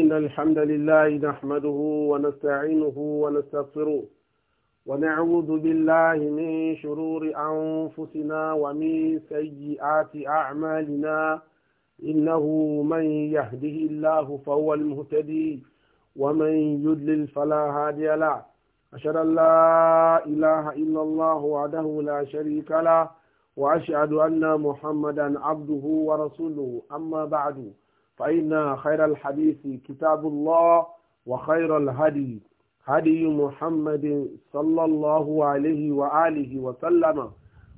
إن الحمد لله نحمده ونستعينه ونستغفره ونعوذ بالله من شرور أنفسنا ومن سيئات أعمالنا إنه من يهده الله فهو المهتدي ومن يدلل فلا هادي له أشهد أن لا إله إلا الله وحده لا شريك له وأشهد أن محمدا عبده ورسوله أما بعد فإن خير الحديث كتاب الله وخير الهدي هدي محمد صلى الله عليه وآله وسلم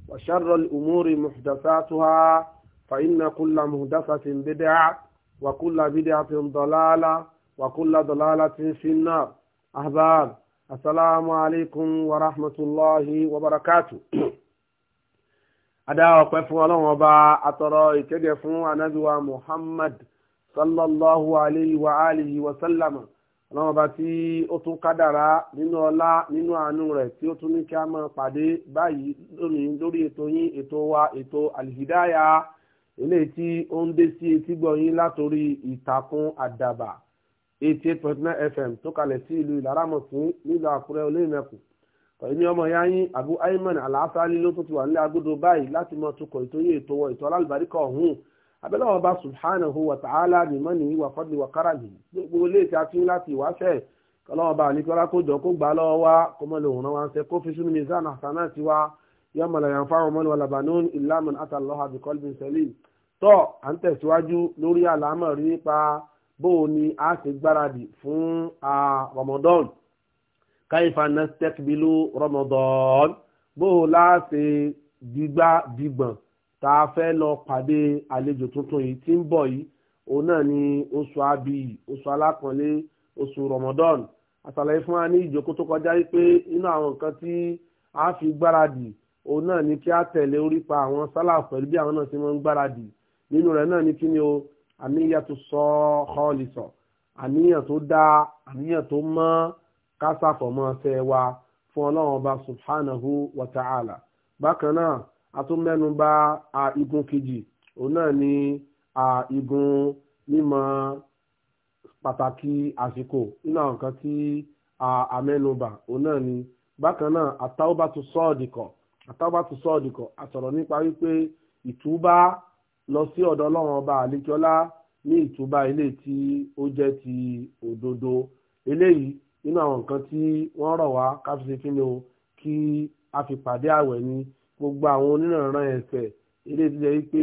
وشر الأمور محدثاتها فإن كل مهدفة بدعة وكل بدعة ضلالة وكل ضلالة في النار أحباب السلام عليكم ورحمة الله وبركاته أدعو قفوا الله وبا أترى كده فون أنبي محمد sallallahu alayhi wa alihi wa sallam ọlọ́run ọba tí ó tún kádàrá nínú ọlá nínú àánú rẹ̀ tí ó tún ní kí a máa pàdé báyìí lónìí lórí ètò yín ètò wa ètò alìhídáyà eléyìí tí ó ń dé sí etí gbọ̀nyìn látòrí ìtàkùn àdàbà eighty eight point nine fm tó kalẹ̀ sí ìlú ìlàrámọ̀sìn nílùú àkúrẹ́ olóyìnbẹ̀kù ọ̀yìn ní ọmọ yáyín abu ayman alaasali ló tún ti wà nílẹ̀ agodo báyìí láti mọ tukọ̀ ìtòyìn ètò wọ ìtọ́ alálùbáríkà ọ̀hún abẹ́lẹ́ wọn bá subhanahu wa ta'ala bimani wa fadli wa karami gbogbo ilé ìta fi láti ìwáṣẹ́ kọlọ́wọ́n bá àníkọ́lá kó jọ kó gbà lọ́wọ́ wa kó mọ́ lòun náà wá ń sẹ́ kó fi sínú mizan àtàná ti wa yọmọ lẹ́yìn fáwọn ọmọ wa labanun illa man ata Allaha bi tọ́ à ń tẹ̀síwájú lórí àlámọ̀rí nípa bóò ni a ṣe gbáradì fún Ramadan kaifa nastakbilu Ramadan bóò láṣẹ gbígbá gbígbọ̀n tá a fẹ́ lọ pàdé àlejò tuntun yìí tí ń bọ̀ yìí òun náà ni oṣù abiyì oṣù alákànlé oṣù Ramadan àṣàlàyé fún wa ní ìjókòó tó kọjá yìí pé inú àwọn nǹkan tí a fi gbáradì òun náà ni kí a tẹ̀lé orípa àwọn sálà pẹ̀lú bí àwọn náà ti máa ń gbáradì nínú rẹ̀ náà ni kí ni o àníyàn tó sọ ọ́ọ́lì sọ àníyàn tó dá àníyàn tó mọ́ kásàfọ̀mọ́ ṣe wa fún ọlọ́run ọba subhanahu wa ta'ala bákan náà a tún mẹ́nu a igun kejì òun náà ni igun mímọ̀ pàtàkì àsìkò nínú àwọn nǹkan tí a mẹ́nubà òun náà ni bákan náà àtàwọ́bá tún sọ́ọ̀dìkọ̀ àtàwọ́bá tún sọ́ọ̀dìkọ̀ a sọ̀rọ̀ nípa wípé ìtúbá lọ sí ọ̀dọ̀ ọlọ́run ọba àlekíọ́lá ní ìtúbá ilé tí ó jẹ́ ti òdodo eléyìí nínú àwọn nǹkan tí wọ́n rọ̀ wá ká fi ṣe kí a fi pàdé àwẹ̀ ni gbogbo àwọn onírànran ẹ̀ṣẹ̀ eré ti jẹ́ wípé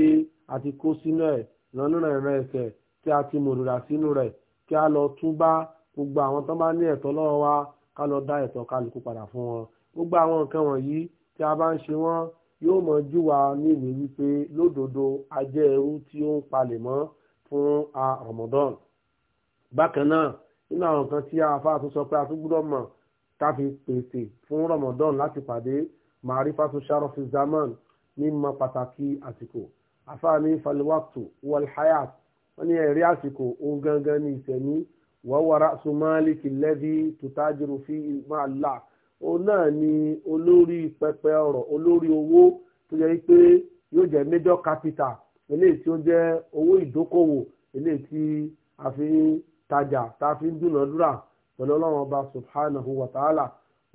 a ti kó sínú ẹ̀ lọ́nírànran ẹ̀ṣẹ̀ tí a ti mòrìrà sínú rẹ̀ kí a lọ túbá gbogbo àwọn tó bá ní ẹ̀tọ́ lọ́wọ́ wa ká lọ dá ẹ̀tọ́ kálukú padà fún wọn gbogbo àwọn nǹkan wọ̀nyí tí a bá ń ṣe wọ́n yóò mọ jú wa níwèé wípé lódodo a jẹ́ ẹrú tí ó ń palẹ̀ mọ́ fún a Ramadan bákan náà nínú àwọn nǹkan tí a fa àtúnṣọ pé a tún gbúdọ̀ mọ̀ ká fi pèsè fún Ramadan láti pàdé màrífàtú sharafil zaman mímọ̀ pàtàkì àsìkò àfáàní falwaktu walhayat wọ́n ní ẹ̀rí àsìkò ohun gangan ní ìsẹ̀mí wọ́wọ́ra sumalik lẹ́bí tutajiru fi ma'allah òun náà ni olórí pẹpẹ ọ̀rọ̀ olórí owó tó yẹ pé yóò jẹ́ major capital eléyìí tí ó jẹ́ owó ìdókòwò eléyìí tí a fi ń tajà tá a fi ń dúnàádúrà pẹ̀lú ọlọ́run subhanahu wa ta'ala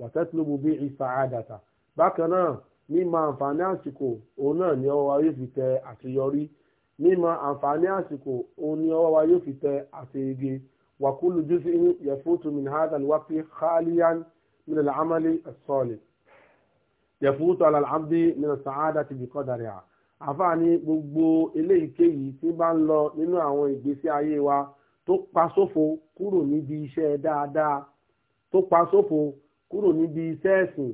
wa tatlubu bihi sa'adata bákan náà mímọ̀ àǹfààní àsìkò òun náà ni ọwọ́ wa yóò fi tẹ àṣeyọrí mímọ̀ àǹfààní àsìkò òun ni ọwọ́ wa yóò fi tẹ àṣeyege wàkúlù jùsí yẹfútu min hadha alwaqti khaliyan min al'amali as-salih yẹfútu ala al'abdi min as-sa'adati bi qadariha àfààní gbogbo eléyìíkéyìí tí bá ń lọ nínú àwọn ìgbésí ayé wa tó pa sófo kúrò níbi iṣẹ́ dáadáa tó pa sófo kúrò níbi iṣẹ́ ẹ̀sìn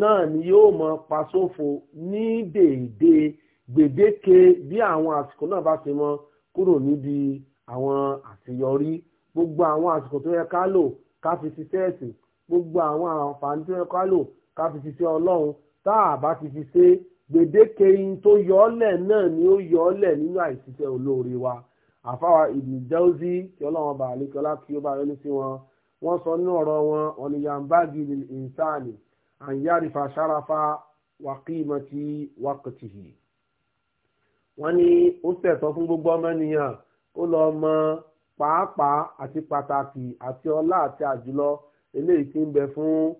náà ni yóò mọ pasófo ní dèédé gbèdéke bí àwọn àsìkò náà bá ti mọ kúrò níbi àwọn àṣeyọrí gbogbo àwọn àsìkò tó yẹ ká lò ká fi ṣiṣẹ́ ẹ̀sìn gbogbo àwọn àǹfààní tó yẹ ká lò ká fi ṣiṣẹ́ ọlọ́run tá a bá ti fi ṣe gbèdéke yín tó yọ ọ́ lẹ̀ náà ni ó yọ ọ́ lẹ̀ nínú àìṣiṣẹ́ olóore wa àfáwà Ibn Jawzi kí ọlọ́run bá àlékọ́lá kí ó bá yọ ní sí wọn wọ́n sọ nínú ọ̀rọ̀ wọn ọ̀nìyàn bá gidi ìsáàlì an yarifa sharafa wa qimati waqtihi wọ́n ní ó ṣẹ̀tọ́ fún gbogbo ọmọ ènìyàn kó lọ mọ pàápàá àti pàtàkì àti ọlá àti àjùlọ eléyìí tí ń bẹ fún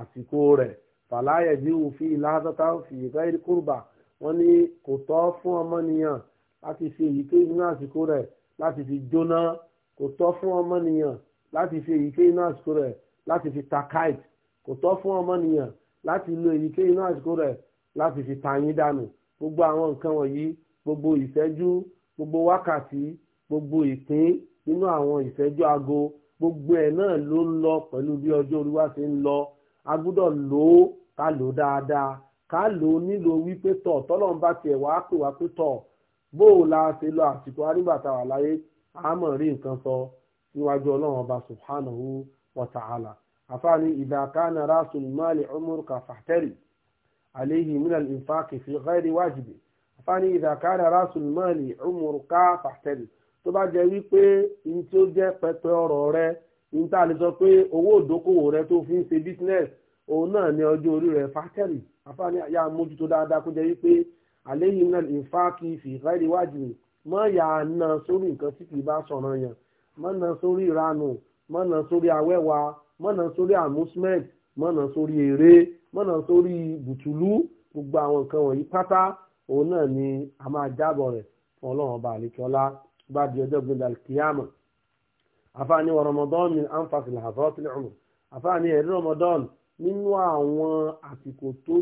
àsìkò rẹ̀ fàlàyé bí òfin ìlàsọ́tà òfin ìfẹ́ kúrúbà wọ́n ní kò tọ́ fún ọmọnìyàn láti fi èyíkéyìí nínú àsìkò rẹ̀ láti fi jóná kò tọ́ fún ọmọnìyàn láti fi èyíkéyìí nínú àsìkò rẹ̀ láti fi ta kite kò tọ́ fún ọmọnìyàn láti lo èyíkéyìí náà àsìkò rẹ̀ láti fi ta yín dànù gbogbo àwọn nǹkan wọ̀nyí gbogbo ìṣẹ́jú gbogbo wákàtí gbogbo ìpín nínú àwọn ìṣẹ́jú aago gbogbo ẹ̀ náà ló ń lọ pẹ̀lú bí ọjọ́ orí wa ṣe ń lọ a gbọ́dọ̀ lò ó ká lò ó dáadáa ká lò ó nílò wípé tọ̀ tọ́lọ́ ń bá tiẹ̀ wá pè wá pé tọ̀ bó o la ṣe lọ àsìkò arígbàtà wà láyé àmọ̀ rí nǹkan sọ níwájú ọlọ́run ọba subhanahu wa ta'ala àfáàní ìdàkánà rasul mali umar ka fahtari alayhi min al-infaq fi ghairi wajibi àfáàní ìdàkánà rasul mali umar ka fahtari tó bá jẹ́ wípé n tí ó jẹ́ pẹpẹ ọ̀rọ̀ rẹ n tá a lè sọ pé owó ìdókòwò rẹ tó fi ń ṣe business òun náà ní ọjọ́ orí rẹ fahtari àfáàní yà mójútó dáadáa kó jẹ́ wípé alayhi min al fi ghairi wajibi mọ yà na sórí nǹkan tí kì í bá sọ̀rọ̀ yàn mọ na sórí ìranù mọ na sórí awẹ́wàá mọ̀nà sórí amusement mọ̀nà sórí eré mọ̀nà sórí bùtùlù gbogbo àwọn nǹkan wọ̀nyí pátá òun náà ni a máa jábọ̀ rẹ̀ fún ọlọ́run ọba àlekíọ́lá bá di ọjọ́ gbẹ̀dẹ̀ alikiyama àfààní wa Ramadan min anfasil hadratil umr àfààní ẹ̀rí Ramadan nínú àwọn àsìkò tó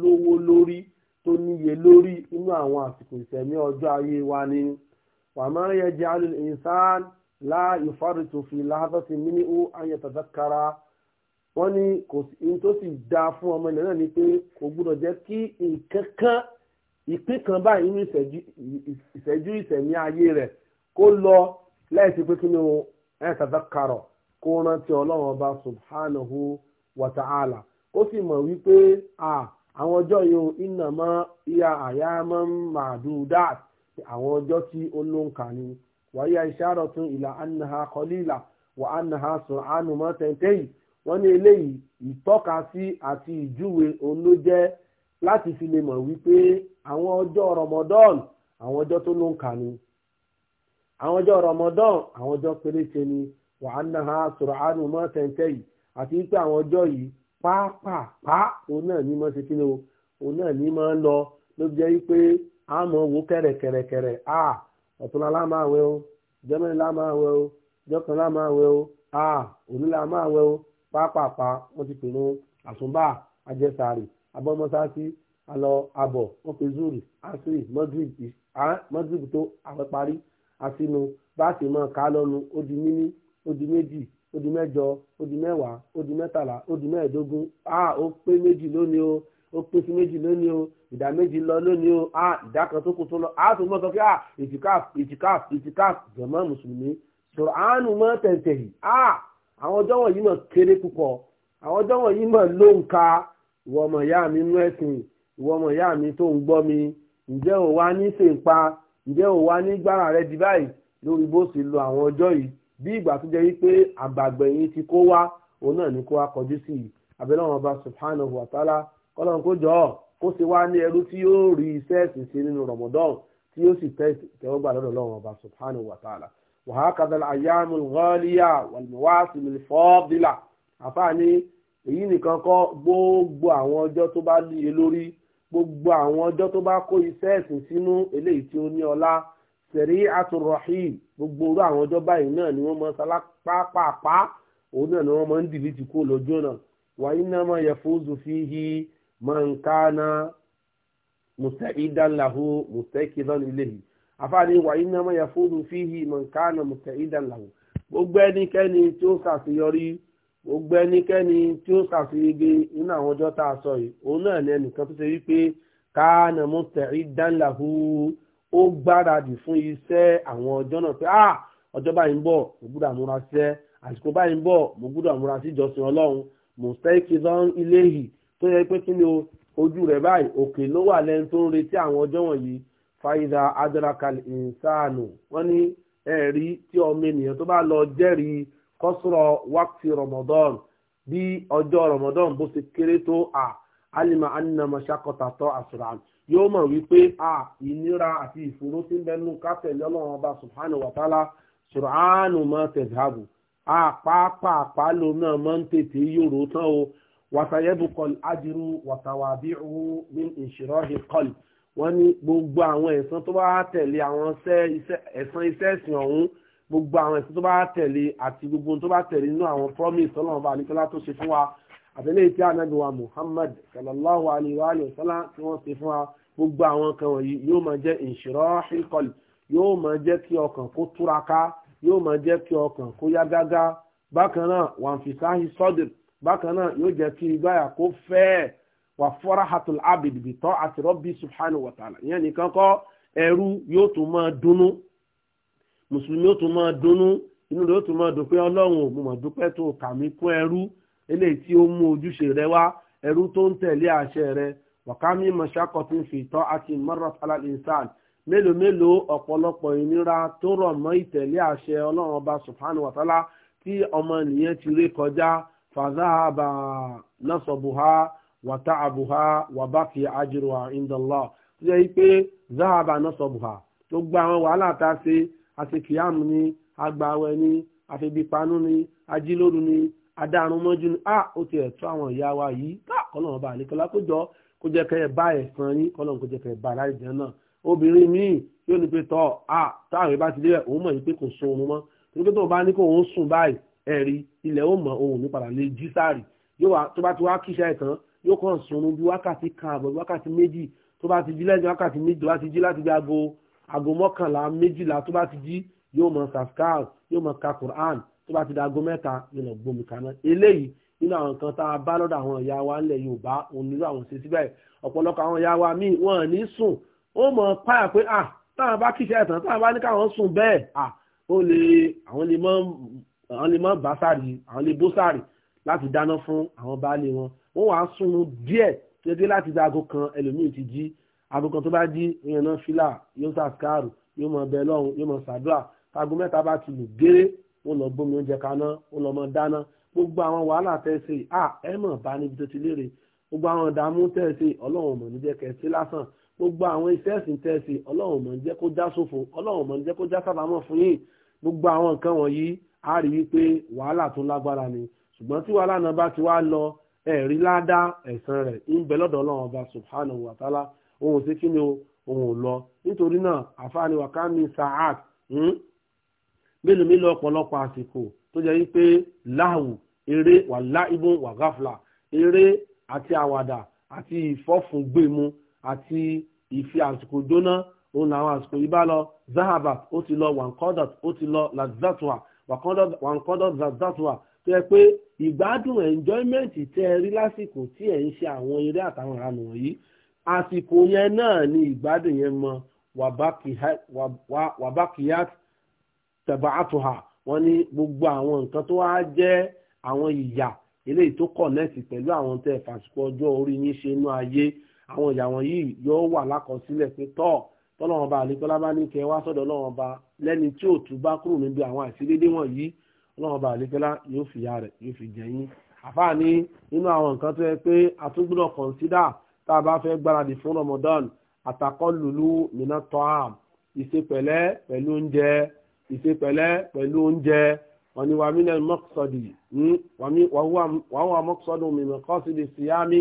lówó lórí tó níye lórí nínú àwọn àsìkò ìsẹ̀mí ọjọ́ ayé wa ni wàmọ́ yẹ jẹ́ alul insan la yufarritu fi lahadhatin minhu an yatadhakkara wọ́n ní kò sí tó sì dáa fún ọmọ ilẹ̀ náà ni pé kò gbúdọ̀ jẹ́ kí nǹkankan ìpín kan báyìí nínú ìṣẹ́jú ìṣẹ̀mí ayé rẹ̀ kó lọ lẹ́yìn pé kí ni o ẹ̀ tàdákàrọ̀ kó rántí ọlọ́run ọba subhanahu wa ta'ala ó sì mọ̀ wípé àwọn ọjọ́ yìí innama hiya ayyaman ma'dudat àwọn ọjọ́ tí ó ló ń kà ni wàyí ìṣàrọ̀ tún ìlà anaha kọlílà wà anaha sùn ànùmọ́ tẹ̀ntẹ́yì wọ́n ní eléyìí ìtọ́ka sí àti ìjúwe òun ló jẹ́ láti fi lè mọ̀ wípé àwọn ọjọ́ rọmọdọ́ọ̀nù àwọn ọjọ́ tó ló ń kà ni àwọn ọjọ́ rọmọdán àwọn ọjọ́ péréte ni wàhánà ha sọ̀rọ̀ àánú mọ́ àti pé àwọn ọjọ́ yìí pápápá òun náà ní mọ́ ṣe ni o òun náà ní mọ́ ń lọ ló jẹ́ pé a mọ̀ kẹ̀rẹ̀kẹ̀rẹ̀kẹ̀rẹ̀ ọ̀túnla la máa wẹ̀ o ìjọ mẹ́rin la máa wẹ̀ o ìjọ kan la máa wẹ̀ o a òní la máa wẹ̀ o pápápá wọ́n ti pèrò àsùnbà àjẹsàrì abọ́mọ́sáàsì alọ abọ̀ wọ́n pe zuri asiri madrid tó àwọn parí àtinú báàsì mọ́ ká lọ́nu ó di níní ó di méjì ó di mẹ́jọ ó di mẹ́wàá ó di a ó pé méjì lónìí o ó pín sí méjì lónìí o ìdá méjì lọ lónìí o a ìdá kan tó kù tó lọ a tó mọ̀ sọ pé a ìtìkáf ìtìkáf ìtìkáf jọ̀mọ́ mùsùlùmí sọ̀rọ̀ àánú mọ́ tẹ̀ǹtẹ̀ yìí a àwọn ọjọ́ wọ̀nyí mọ̀ kéré púpọ̀ àwọn ọjọ́ wọ̀nyí mọ̀ ló ń ka ìwọ ọmọ ìyá mi nú ẹ̀sìn ìwọ ọmọ ìyá mi tó ń gbọ́ mi ǹjẹ́ ò wá ní sèǹpa ǹjẹ́ ò wá ní gbára rẹ di báyìí lórí bó sì lo àwọn ọjọ́ yìí bí ìgbà tó jẹ́ wípé àgbàgbẹ̀yìn ti kó wá òun náà ní kó wá kọjú sí i abẹ́lẹ́ wọn bá subhanahu wa ta'ala kọ́lọ́n kó jọ kó ṣe wá ní ẹrú tí yóò rí iṣẹ́ ẹ̀sìn ṣe nínú Ramadan tí yóò sì tẹ́ ìtẹ́wọ́gbà lọ́dọ̀ Ọlọ́run Ọba subhanahu wa ta'ala wa hakadha al-ayyamu al-ghaliya wal-mawasimu al-fadila àfààní èyí nìkan kọ́ gbogbo àwọn ọjọ́ tó bá níye lórí gbogbo àwọn ọjọ́ tó bá kó iṣẹ́ ẹ̀sìn sínú eléyìí tí ó ní ọlá sẹ̀rí àtúrọ̀hìn gbogbo orú àwọn ọjọ́ báyìí náà ni wọ́n mọ sálá pàápàá òun náà ni wọ́n mọ ń dìlítì kó lójú náà wàyí náà mọ yẹ fóòzù fi hi man kana musta'idan lahu mustaqidan ilayhi afáàní wa iná máa yẹ fihi man kana musta'idan lahu gbogbo ẹnikẹ́ni ti o ṣàṣeyọrí gbogbo ẹnikẹ́ni tí ó ṣàṣeyege nínú àwọn ọjọ́ tá a sọ yìí òun ni ẹnìkan tó ṣe wípé kana musta'idan lahu ó gbáradì fún iṣẹ́ àwọn ọjọ́ náà pé ah ọjọ́ báyìí ń bọ̀ mo gbúdọ̀ àmúra sí ẹ mo tó yẹ pé kí ni ojú rẹ̀ báyìí òkè ló wà lẹ́nu tó ń retí àwọn ọjọ́ wọ̀nyí fàyídà adrakal insanu wọ́n ní ẹ̀rí tí ọmọ ènìyàn tó bá lọ jẹ́rìí kọ́sùrọ̀ wákìtì rọmọdọ́n bí ọjọ́ rọmọdọ́n bó ṣe kéré tó à alima anna mashakota tó àṣùràn yóò mọ̀ wípé a ìnira àti ìfòró tí ń bẹnu káfẹ́ lọ́lọ́run ọba subhanahu wa ta'ala ṣùránù mọ́ tẹ̀síhàbù a pàápàá pàálò náà mọ́ ń tètè yòrò tán o wàtàyẹ́bùkọ̀l ájírú wàtàwàbíhù ní ìṣìrọ́hì kọ́l wọ́n ní gbogbo àwọn ẹ̀san tó bá tẹ̀lé àwọn ẹ̀san iṣẹ́ ẹ̀sìn ọ̀hún gbogbo àwọn ẹ̀san tó bá tẹ̀lé àti gbogbo tó bá tẹ̀lé nínú àwọn promise ọlọ́run bá tó ṣe fún wa àtẹ̀lé tí ànábì wa sallallahu alayhi wa sallam tí wọ́n ṣe fún wa gbogbo àwọn kan wọ̀nyí yóò máa jẹ́ ìṣìrọ́hì kọ́l yóò máa jẹ́ kí ọkàn kó túraká yóò máa jẹ́ kí ọkàn kó yá gágá bákan náà wàǹfìsáhì sọ́dìrì bákan náà yóò jẹ́ kí igbáyà kó fẹ́ wà farahatul abid bi ta'ati rabbi subhanahu wa ta'ala ìyẹn nìkan kọ́ ẹrú yóò tún máa dunnú mùsùlùmí yóò tún máa dunnú inú rẹ̀ yóò tún máa dùn pé ọlọ́run ò tó kà kún ẹrú eléyìí tí ó mú ojúṣe rẹ wá ẹrú tó ń tẹ̀lé àṣẹ rẹ wàkámi mọ̀ṣákọ̀tún fi tọ́ àti marrat ala insan mélòó mélòó ọ̀pọ̀lọpọ̀ ìnira tó rọ̀ mọ́ ìtẹ̀lé àṣẹ ọlọ́run ọba subhanahu wa ta'ala tí ọmọ nìyẹn ti ré kọjá fàzáhàbà násọ̀bùhá wàtààbùhá wàbáfi àjùrùwà ìndọ̀lá tó jẹ́ pé záhàbà násọ̀bùhá tó gba àwọn wàhálà tá a ṣe àṣekìyàmù ni agbàwẹ̀ ni àfẹ̀bípanú ni ajílóru ni adarunmọ́jú ni a ah, ó ti ẹ̀tọ́ àwọn ìyá wa yìí ká kọ́lọ́n ọba àlekọ́lá kó jọ kó jẹ́ kẹ́ ẹ bá ẹ̀sán yín kọ́lọ́n kó jẹ́ kẹ́ ẹ bá láì jẹ́ náà obìnrin míì yóò ní pé tọ́ a ah, táwọn ìbá ti dé òun mọ̀ yìí pé kò sun òun mọ́ torí pé tó o bá ní kó òun sùn báyìí ẹ̀rí ilẹ̀ ó mọ̀ ohun nípadà lè jí sáàrì yóò wá tó bá ti wá kíṣà ẹ̀ tán yóò kàn sunrun bí wákàtí kan àbọ̀ bí wákàtí méjì tó bá ti jí lẹ́yìn wákàtí méjì tó bá ti jí láti bí aago aago mọ́kànlá méjìlá tó bá ti jí yóò mọ sàskar yóò mọ ka Quran tó bá ti di aago mẹ́ta nínú gbomi kaná eléyìí nínú àwọn nǹkan tá a bá lọ́dọ̀ àwọn ìyá wa ńlẹ̀ Yorùbá òun nílò àwọn ṣe síbẹ̀ ọ̀pọ̀lọpọ̀ àwọn ìyá wa míì wọn ní sùn ó mọ̀ páyà pé à táwọn bá kíṣẹ́ ẹ̀tàn táwọn bá ní káwọn sùn bẹ́ẹ̀ à ó lè àwọn lè mọ́ àwọn lè má bá sàrí àwọn lè bó sàrí láti dáná fún àwọn baálé wọn wọ́n wàá sunrun díẹ̀ tẹ́tẹ́ láti dá aago kan ẹlòmíì ti jí aago kan tó bá jí ìyẹn náà fílà yóò sàkárù yóò mọ bẹ lọ́hùn yóò mọ sàdúrà aago mẹ́ta bá ti lù géré wọ́n lọ gbómi oúnjẹ kaná wọ́n lọ mọ dáná gbogbo àwọn wàhálà tẹ̀sí à ẹ mọ̀ bá níbi tó ti léèrè gbogbo àwọn ìdààmú tẹ̀sí ọlọ́run mọ̀ níjẹ́ kẹ̀sí lásán gbogbo àwọn iṣẹ́ ẹ̀sìn tẹ̀sí ọlọ́run mọ̀ níjẹ́ kó já sófo ọlọ́run mọ̀ níjẹ́ kó já sábàámọ̀ fún yín gbogbo àwọn nǹkan wọ̀nyí á rí i pé wàhálà tó lágbára ni ṣùgbọ́n tí wàhálà náà bá ti wá lọ ẹ̀rí ládá ẹ̀san rẹ̀ ń bẹ lọ́dọ̀ ọlọ́run ọba subhanahu wa ta'ala ohun sí kí ni ohun lọ nítorí náà àfáàní wàkàmí sa'ad hmm? mélòó mélòó ọ̀pọ̀lọpọ̀ àsìkò tó jẹ́ wípé láhù eré wà láìbùn wà gáfìlà eré àti àwàdà àti ìfọ́fúngbèmú àti ìfi àsìkò jóná òun làwọn àsìkò yìí bá lọ zahabat ó ti lọ wankodat ó ti lọ lazatua wàǹkọ́dọ̀ zazatwa tó yẹ pé ìgbádùn enjoyment tẹ́ ẹ rí lásìkò tí ẹ̀ ń ṣe àwọn eré àtàwọn ìranù wọ̀nyí àsìkò yẹn náà ni ìgbádùn yẹn mọ wàbákìyàt tẹ̀bàtùhà wọ́n ní gbogbo àwọn nǹkan tó wá jẹ́ àwọn ìyà eléyìí tó kọ̀nẹ́ẹ̀tì pẹ̀lú àwọn tẹ́ fàṣìkò ọjọ́ orí yín ṣe inú ayé àwọn ìyà wọ̀nyí yóò wà lákọsílẹ̀ pé tọ́ tọ́lọ́wọ́n bá àlékọ́lá bá ní kẹ́ wá sọ́dọ̀ ọlọ́wọ́n bá lẹ́ni tí ò tún bá kúrò níbi àwọn àṣírídé wọ̀nyí ọlọ́run ọba àlekẹ́lá yóò fi ya rẹ̀ yóò fi jẹ yín àfáà ní nínú àwọn nǹkan tó yẹ pé a tún gbọ́dọ̀ kọ̀ǹsídà tá a bá fẹ́ gbáradì fún Ramadan àtàkọ́ lùlù mìíràn tọ́hàm ìṣepẹ̀lẹ́ pẹ̀lú oúnjẹ ìṣepẹ̀lẹ́ pẹ̀lú oúnjẹ wọn ni wàmí náà mọ́kọ́sọ̀dì wàhùwà mọ́kọ́sọ̀dì mi mọ́kọ́sọ̀dì síyámi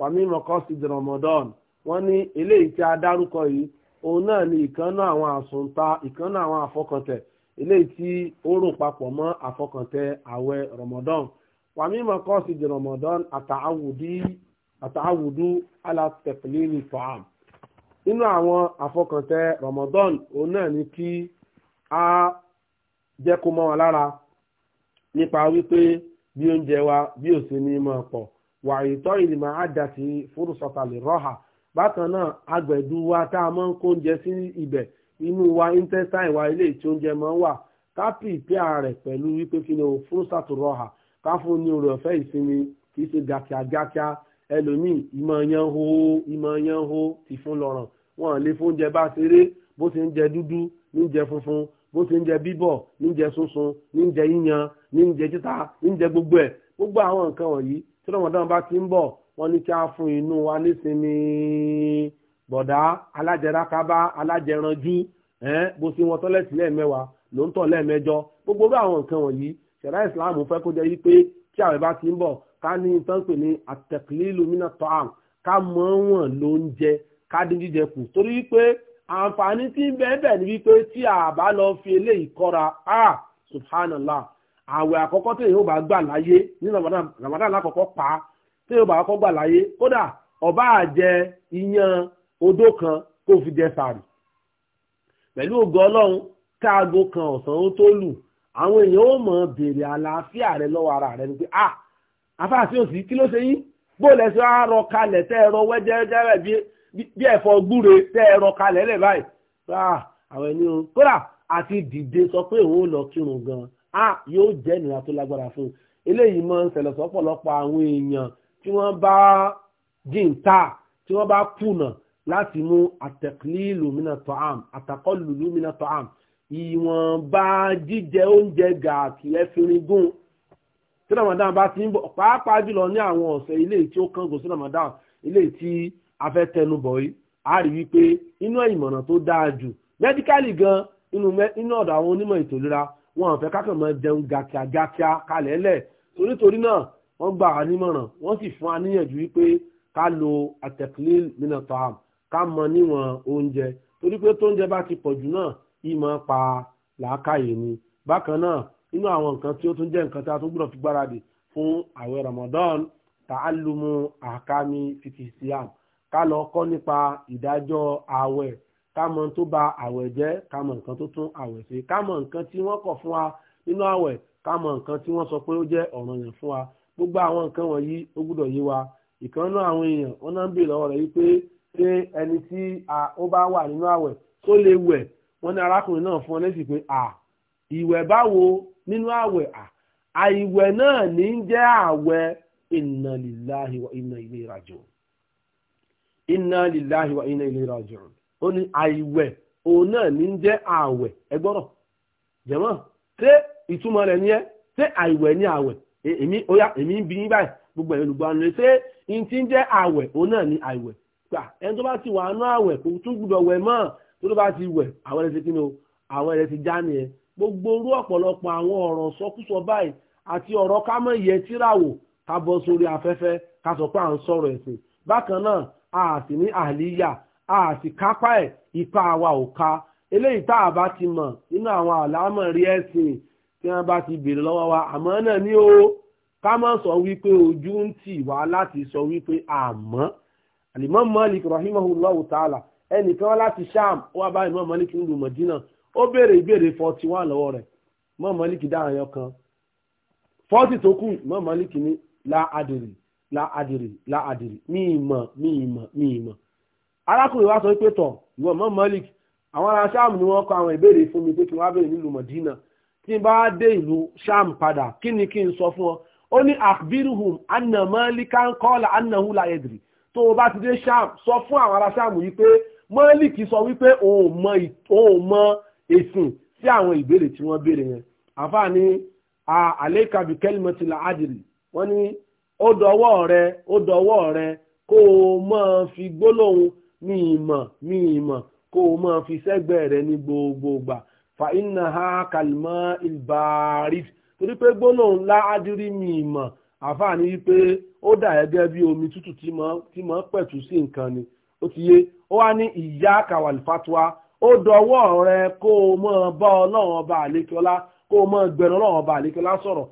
wàmí mọ́kọ́sọ̀dì Ramadan wọn ní eléyìí tí a dárúkọ yìí òun náà ni ìkànnà àwọn àsùnta ìkànnà àwọn àfọkàntẹ̀ eléyìí tí ó rùn papọ̀ mọ́ àfọkàntẹ̀ àwẹ̀ Ramadan wàmí mọ̀kọ́ sì di Ramadan àtàwùdú alátẹ̀kìlérì fàám nínú àwọn àfọkàntẹ̀ Ramadan òun náà ni kí a jẹ́ kó mọ́ wọn lára nípa wípé bí oúnjẹ wa bí òsì ní mọ̀ pọ̀ wàyí tọ́ ìlìmọ̀ àdàtì fúrùsọ̀tàlì rọ́hà bákan náà agbẹ̀dù wa tá a máa ń kó oúnjẹ sí ibẹ̀ inú wa intestine wa ilé tí oúnjẹ máa ń wà ká pìpìà rẹ̀ pẹ̀lú wípé kí ni o fún sàtúrọ̀ hà ká fún ní oore ọ̀fẹ́ ìsinmi kì í ṣe gàkíágàkíá ẹlòmíì ìmọ̀ yan ho ìmọ̀ yan ho ti fún lọ́rùn wọn lè fún oúnjẹ bá ṣeré bó ṣe ń jẹ dúdú ní jẹ funfun bó ṣe ń jẹ bíbọ̀ ní jẹ sunsun ní jẹ yíyan ní jẹ títa ní jẹ gbogbo ẹ̀ gbogbo àwọn nǹkan wọ̀nyí tí Ramadan bá ti ń bọ̀ wọ́n ní kí a fún inú wa nísinmi bọ̀dá alájẹrákábá alájẹranjú bó ṣe wọn tọ́lẹ̀tì lẹ́ẹ̀mẹ́wàá ló ń tọ̀ lẹ́ẹ̀mẹ́jọ gbogbo bí àwọn nǹkan wọ̀nyí ṣẹ̀dá ìsìláàmù fẹ́ kó jẹ́ yí pé tí àwẹ̀ bá ti ń bọ̀ ká ní tán pè ní àtẹ̀kìlílù mínà tọ́àm ká mọ̀ wọ́n ló ń jẹ ká dín jíjẹ kù torí wípé àǹfààní tí ń bẹ́ẹ̀ bẹ́ẹ̀ ni wípé a subhanallah àwẹ̀ àkọ́kọ́ tí èyí ó bá gbà láyé ní ramadan pa tí yóò bá kọ́ gbà láyé kódà ọba àjẹ iyán odó kan kó fi jẹ sààrì pẹ̀lú ògo ọlọ́run káago kan ọ̀sán ó tó lù àwọn èèyàn ó mọ̀ béèrè àlàáfíà rẹ lọ́wọ́ ara rẹ ni pé ah àfáàsì òsì kí ló ṣe yín bóòlẹ̀ sí wàá rọ kalẹ̀ tẹ́ ẹ̀rọ wẹ́jẹ́rẹ́jẹ́rẹ́ bí ẹ̀fọ́ gbúre tẹ́ ẹ̀rọ kalẹ̀ lẹ̀ báyìí ah àwọn ẹni o kódà àti dìde sọ pé òun ò lọ kírun gan ah yóò jẹ́ ìnira tó lágbára fún un eléyìí máa ń ṣẹlẹ̀ sọ́pọ̀lọpọ̀ àwọn èèyàn tí wọ́n bá jìntà tí wọ́n bá kùnà láti mú àtẹ̀kílìlù mìíràn tọ́ àm àtàkọ́lùlù mìíràn tọ́ àm ìwọ̀nba jíjẹ oúnjẹ gààkì ẹ̀fìrin gùn tí ramadan bá ti ń bọ̀ pàápàá jùlọ ní àwọn ọ̀sẹ̀ ilé tí ó kángun sí ramadan ilé tí a fẹ́ tẹnu bọ̀ yìí a rí wípé inú ìmọ̀ràn tó dáa jù mẹ́díkálì gan inú ọ̀dọ̀ àwọn onímọ̀ ètò wọn ò fẹ́ kákàn mọ́ jẹun kalẹ̀ lẹ̀ torítorí náà wọ́n gbà á nímọ̀ràn wọ́n sì fún aníyànjú wípé ká lo atẹ̀kílẹ̀ nínú tọ́hàm ká mọ níwọ̀n oúnjẹ torí pé tóúnjẹ bá ti pọ̀jù náà ìmọ̀ pa làákàyè ni bákan náà inú àwọn nǹkan tí ó tún jẹ́ nǹkan tí a tún gbọ́dọ̀ fi gbáradì fún àwẹ̀ Ramadan ta'allumu ahkami fikisiam ká lọ kọ́ nípa ìdájọ́ àwẹ̀ ká mọ tó ba àwẹ̀ jẹ́ ká mọ nǹkan tó tún àwẹ̀ ṣe ká mọ nǹkan tí wọ́n kọ̀ fún wa nínú àwẹ̀ ká mọ nǹkan tí wọ́n sọ pé ó jẹ́ ọ̀ranyàn fún wa gbogbo àwọn nǹkan wọ̀nyí ó gbúdọ̀ yé wa ìkànnú àwọn èèyàn wọn náà ń bèèrè lọ́wọ́ rẹ̀ wípé ṣé ẹni tí ó bá wà nínú àwẹ̀ tó lè wẹ̀ wọn ní arákùnrin náà fún ọ lẹ́sìn pé à ìwẹ̀ báwo nínú àwẹ̀ à àìwẹ̀ náà ní ń jẹ́ àwẹ̀ inna lillahi wa inna ilayhi náà ní ń jẹ́ àwẹ̀ ẹgbọ́rọ̀ jẹ̀mọ́ ṣé ìtumọ̀ rẹ̀ ni ẹ́ ṣé ní àwẹ̀ èmi oya èmi ń bí yín báyìí gbogbo ẹ̀yin olùgbọ́n lè ṣe n ti ń jẹ́ àwẹ̀ òun náà ni àìwẹ̀ gbà ẹni tó bá ti wà nú àwẹ̀ kò tún gbúdọ̀ wẹ̀ mọ́ tó tó bá ti wẹ̀ àwọn ẹ̀rẹ́ ti kí ni o àwọn ẹ̀rẹ́ ti já nìyẹn gbogbo orú ọ̀pọ̀lọpọ̀ àwọn ọ̀rọ̀ sọkúsọ báyìí àti ọ̀rọ̀ ká mọ̀ yẹ tíràwò ká bọ́ sórí afẹ́fẹ́ ká sọ pé à ń sọ̀rọ̀ ẹ̀sìn bákan náà a sì ní àlíyà a sì kápá ẹ̀ ipá wa ò ká eléyìí tá a bá ti mọ̀ nínú àwọn àlámọ̀ rí ẹ̀sìn tí wọ́n bá ti béèrè lọ́wọ́ wa àmọ́ náà ni o ká má sọ wípé ojú ń tì wá láti sọ wípé àmọ́ Al-Imam Malik rahimahullahu ta'ala ẹnìkan wá láti sham ó wá bá Imam Malik ń lu Madina ó béèrè ìbéèrè forty one lọ́wọ́ rẹ̀ Imam Malik dáhùn yọ kan forty tó kù Imam Malik ní la adìrì la adìrì la adìrì mí ìmọ̀ mí ìmọ̀ mí ìmọ̀ arákùnrin wa sọ pé tọ̀ ìwọ Imam Malik àwọn ará sham ni wọ́n kọ àwọn ìbéèrè fún mi pé kí wọ́n á béèrè nílùú Madina tí n bá dé ìlú sham padà kí ni kí n sọ fún ọ ó ní akbiruhum anna malikan qala annahu la yadri tó o bá ti dé sham sọ fún àwọn ará sham yìí pé malik sọ wípé òun mọ èsìn sí àwọn ìbéèrè tí wọ́n béèrè yẹn àfààní àlékà bí kẹlímọtì là ádìrì wọ́n ní ó dọwọ́ rẹ ó dọwọ́ rẹ kó o máa fi gbólóhùn mi ìmọ̀ mi ìmọ̀ kó o máa fi sẹ́gbẹ̀ẹ́ rẹ ní gbogbo fa iná ha kàlímọ́ ìbáàrí torí pé gbólóhùn ńlá ádírí mi ìmọ̀ àfààní wípé ó dà gẹ́gẹ́ bí omi tútù tí mọ́ pẹ̀tù sí nǹkan ni ó ti yé ó wá ní ìyá kàwàlífàtúwá ó dọwọ́ rẹ kó o mọ́ bá ọlọ́run ọba àlékiọlá kó o mọ́ gbẹ̀rún ọlọ́run ọba àlékiọlá sọ̀rọ̀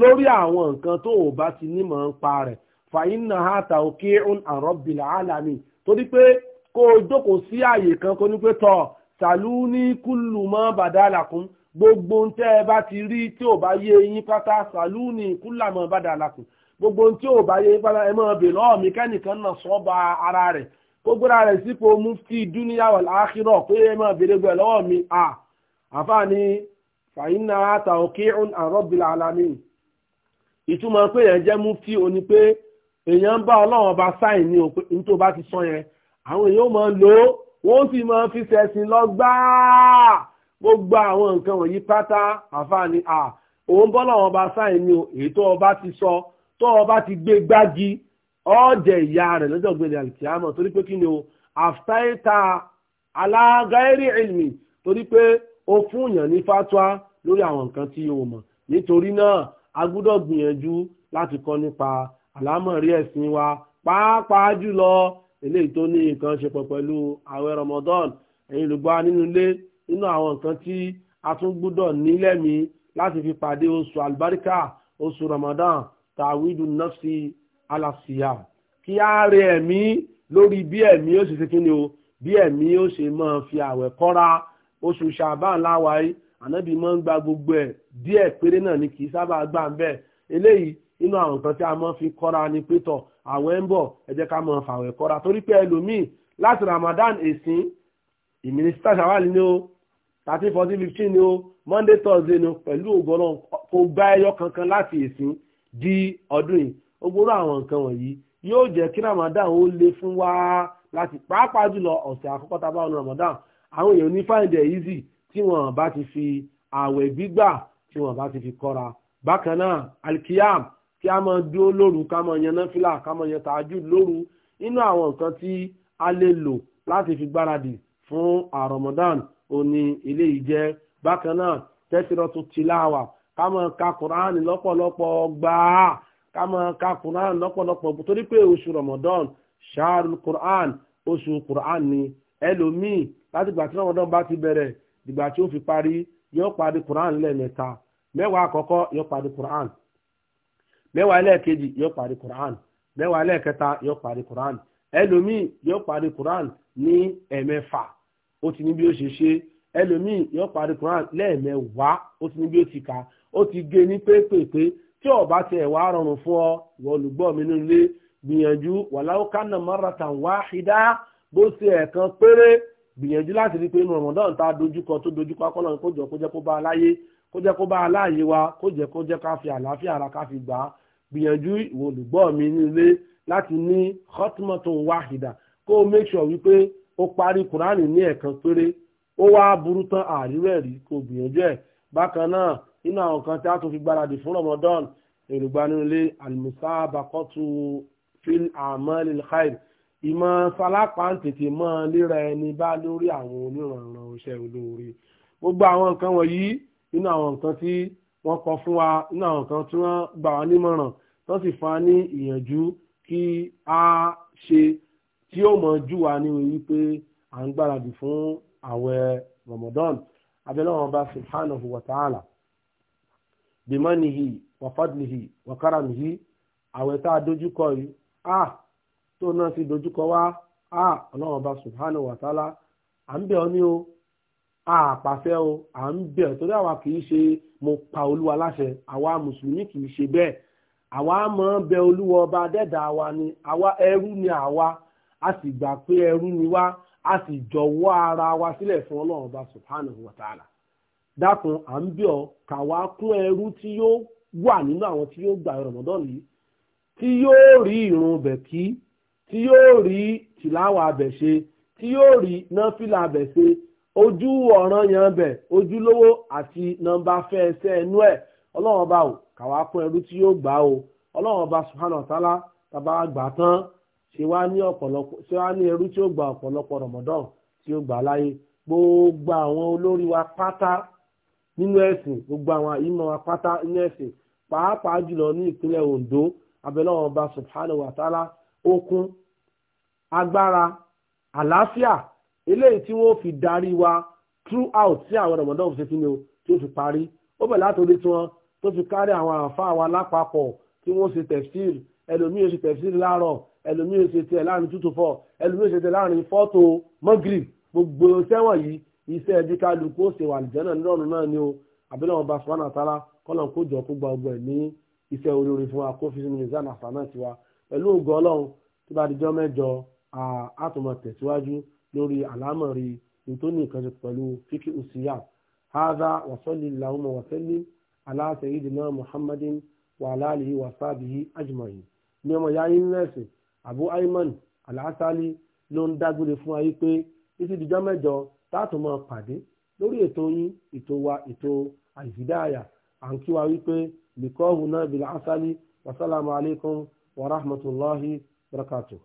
lórí àwọn nǹkan tó o bá ti nímọ̀ ń pa rẹ̀ fàyínà hàtà òkè ọ̀rọ̀ bìlà álàmì torí pé kó o jókòó sí àyè kan kó ní pé tọ́ tàlú ní kúlù mọ́ bàdàlàkún gbogbo ń tẹ́ ẹ bá ti rí tí ò bá yé yín pátá tàlú ní kúlà mọ́ bàdàlàkún gbogbo ń tí ò bá yé yín pátá ẹ máa bè mi kẹ́nìkan náà sọ́ ba ara rẹ̀ kó gbéra rẹ̀ sípò mufti dúníyà wal akhirah pé ẹ máa bèrè gbẹ lọ́wọ́ mi à àfààní fàyínà tawqi'un an rabbil ìtumọ̀ pé èèyàn jẹ́ mufti òní pé èèyàn bá ọlọ́run ọba sáì ní òpin tó bá ti sọ yẹn àwọn èèyàn máa lò ó wọ́n sì máa fi ṣẹ̀sìn lọ gbáà gbogbo àwọn nǹkan wọ̀nyí pátá àfààní à òun bọ́lá wọn bá sáyìn ní o èyí tó ọba ti sọ tó ọba ti gbé gbági ọ̀ọ́dẹ̀ ìyá rẹ̀ lọ́jọ́ gbẹ̀dẹ̀ àlùkìyàmọ̀ torí pé kí ni o àfẹ́ta alágáẹ́rì ìlmì torí pé o fún yàn ní fatwa lórí àwọn nǹkan tí o mọ̀ nítorí náà a gbúdọ̀ gbìyànjú láti kọ́ nípa àlámọ̀rí ẹ̀sìn wa pàápàá jùlọ eléyìí tó ní nǹkan ṣe pọ̀ pẹ̀lú àwẹ̀ Ramadan ẹ̀yin olùgbà nínú ilé nínú àwọn nǹkan tí a tún gbúdọ̀ nílẹ̀mí láti fi pàdé oṣù àlùbáríkà oṣù Ramadan tàwídù nọ́ọ̀sì aláṣìyà kí á rẹ ẹ̀mí lórí bí ẹ̀mí ó sì ṣe kíni o bí ẹ̀mí ó ṣe máa fi àwẹ̀ kọ́ra oṣù ṣàbán láwàáyé ànábì máa ń gba gbogbo ẹ̀ díẹ̀ péré náà ni kì í sábà gbà ń bẹ́ẹ̀ eléyìí nínú àwọn nǹkan tí a mọ́ fi kọ́ra ni pétọ̀ àwẹ̀ ń bọ̀ ẹ jẹ́ ká mọ́ fàwẹ̀ kọ́ra torí pé ẹlòmíì láti Ramadan èsìn ìmìnísítà ṣàwálì ni ó thirteen fourteen fifteen ni ó Monday Thursday ni ó pẹ̀lú ògbọ́nà kò gbá ẹyọ kankan láti èsìn di ọdún yìí ogbóró àwọn nǹkan wọ̀nyí yóò jẹ́ kí Ramadan ó le fún wa láti pàápàá jùlọ ọ̀sẹ̀ àkọ́kọ́ tá a bá wọn Ramadan àwọn èèyàn ní find it easy tí wọ́n bá ti fi àwẹ̀ gbígbà tí wọ́n bá ti fi kọ́ra bákan náà alkiyam kí a máa dúró lóru ká máa yan náfìlà ká máa yan tàájú lóru nínú àwọn nǹkan tí a lè lò láti fi gbáradì fún àrọ̀mọ́dán òní ilé ìjẹ bákan náà tẹ́sírọ́tù tìláwà ká máa ka kùránì lọ́pọ̀lọpọ̀ gbàá ká máa ka kùránì lọ́pọ̀lọpọ̀ torí pé oṣù rọ̀mọ́dán ṣáàrù kùrán oṣù kùrán ni ẹlòmíì láti gbà tí rọmọdán bá ti bẹ̀rẹ̀ dìgbà tí ó fi parí yóò parí kùrán lẹ́ẹ̀mẹ́ta mẹ́wàá àkọ́kọ́ yóò parí kùrán mẹ́wàá ẹlẹ́ẹ̀kejì yóò parí quran mẹ́wàá ẹlẹ́ẹ̀kẹta yóò parí quran ẹlòmíì yóò parí quran ní ẹ̀mẹ́fà ó ti ní bí ó ṣe ṣe ẹlòmíì yóò parí quran lẹ́ẹ̀mẹ́wàá ó ti ní bí ó ti kà ó ti gé ní pépèpé tí ó bá tiẹ̀ wá rọrùn fún ọ wọlùgbọ́ mi nínú gbìyànjú wàláwó kánà maratan wáhídá bó ṣe ẹ̀kan péré gbìyànjú láti rí i pé inú Ramadan ta dojúkọ tó dojúkọ akọ́nà kó jọ kó jẹ́ kó bá a kó jẹ́ kó bá a wa kó jẹ́ kó jẹ́ ká fi àlàáfíà ara ká fi gbà gbìyànjú ìwọ olùgbọ́ mi nílé láti ní hotmoton wahida kó o make sure wípé o parí kùránì ní ẹ̀ẹ̀kan péré ó wá burú tán àríwẹ̀ rí kó gbìyànjú ẹ̀ bákan náà nínú àwọn kan tí a tún fi gbáradì fún Ramadan èrògbà nínú ilé alimusabakọ́tù fil amalil khair ìmọ̀ sálápá ń tètè mọ́ léra ẹni bá lórí àwọn onírànràn iṣẹ́ olóore gbogbo àwọn nǹkan wọ̀nyí nínú àwọn nǹkan tí wọ́n kọ fún wa nínú àwọn nǹkan tí wọ́n gbà wá nímọ̀ràn tó sì fa ní ìyànjú kí a ṣe tí ó mọ̀ jù wá ní wípé à ń gbáradì fún àwẹ̀ Ramadan abẹ́lẹ́wọ̀n bá subhanahu wa ta'ala bimanihi wa fadlihi wa karamihi àwẹ̀ tá a dojúkọ yìí a tó náà sì dojúkọ wá a ọlọ́wọ̀n bá subhanahu wa ta'ala à ń bẹ̀ ọ́ ní o àpàṣẹ o à ń bẹ̀ torí àwa kì í ṣe mo pa olúwa láṣẹ àwa mùsùlùmí kì í ṣe bẹ́ẹ̀ àwa mọ̀ ń bẹ olúwa ọba adẹ́dàá wa ni àwa ẹrú ni àwa a sì gbà pé ẹrú ni wá a sì jọ̀wọ́ ara wa sílẹ̀ fún ọlọ́run ọba subhanahu wa ta'ala dákun à ń bí ọ kà wá kún ẹrú tí yóò wà nínú àwọn tí yóò gbà Ramadan yìí tí yóò rí ìrun bẹ̀ kí tí yóò rí tìláwà abẹ̀ ṣe tí yóò rí náfìlà abẹ̀ ṣe ojú ọ̀ràn yẹn bẹ̀ ojúlówó àti nọmba fẹ́ ẹsẹ̀ ẹ̀ ọlọ́run ọba ò kàwá kún ẹrú tí yóò gbà o ọlọ́run ọba subhanahu wa ta'ala tàbá gbà tán ṣe wá ní ẹrú tí ó gba ọ̀pọ̀lọpọ̀ rọ̀mọ̀dán tí ó gbà láyé gbogbo àwọn olórí wa pátá nínú ẹ̀sìn gbogbo àwọn ìmọ̀ wa pátá nínú ẹ̀sìn pàápàá jùlọ ní ìpínlẹ̀ Ondo abẹ́lẹ́wọ̀n ọba subhanahu wa ta'ala okun agbára àlàáfíà eléyìí tí wọ́n fi darí wa throughout sí àwọn rọ̀mọ̀dán òfin fi ni o tí ó fi parí ó bẹ̀ látòrí tí tó fi kárí àwọn àǹfà wa lápapọ̀ tí wọ́n ṣe tẹ̀fsíìl ẹlòmíì ṣe tẹ̀fsíìl láàárọ̀ ẹlòmíì ṣe tiẹ̀ láàrin tútù fọ́ ẹlòmíì ṣe tiẹ̀ láàrin fọ́tò mọ́gìrì gbogbo sẹ́wọ̀n yìí iṣẹ́ ẹbí kálukú ó ṣe wà àlùjànnà nírọ̀rùn náà ni o àbílẹ̀ wọn bá sùpánà tálá kọ́lọ̀ kó jọ kó gba ọgbọ̀n ní iṣẹ́ olórí fún wa kó fi sínú mizan àfààná tiwa pẹ̀lú ògo ọlọ́run tó bá dijọ́ mẹ́jọ àtúmọ̀ tẹ̀síwájú lórí àlámọ̀rí nítorí nǹkan ṣe pẹ̀lú fíkì òsìyà hadha wa sallallahu wa sallim ala sayyidina muhammadin wa ala alihi wa sahbihi ajma'in ní ọmọ ìyá yín nẹ́ẹ̀sì abu ayman alasali ló ń dágbére fún ayé pé títí dijọ́ mẹ́jọ táàtò máa pàdé lórí ètò yín ètò wa ètò àìsídáàyà à ń kí wa wípé lìkọ́hùn náà bìlà asali wasalaamu alaykum wa rahmatulahi barakatuh.